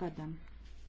gadam.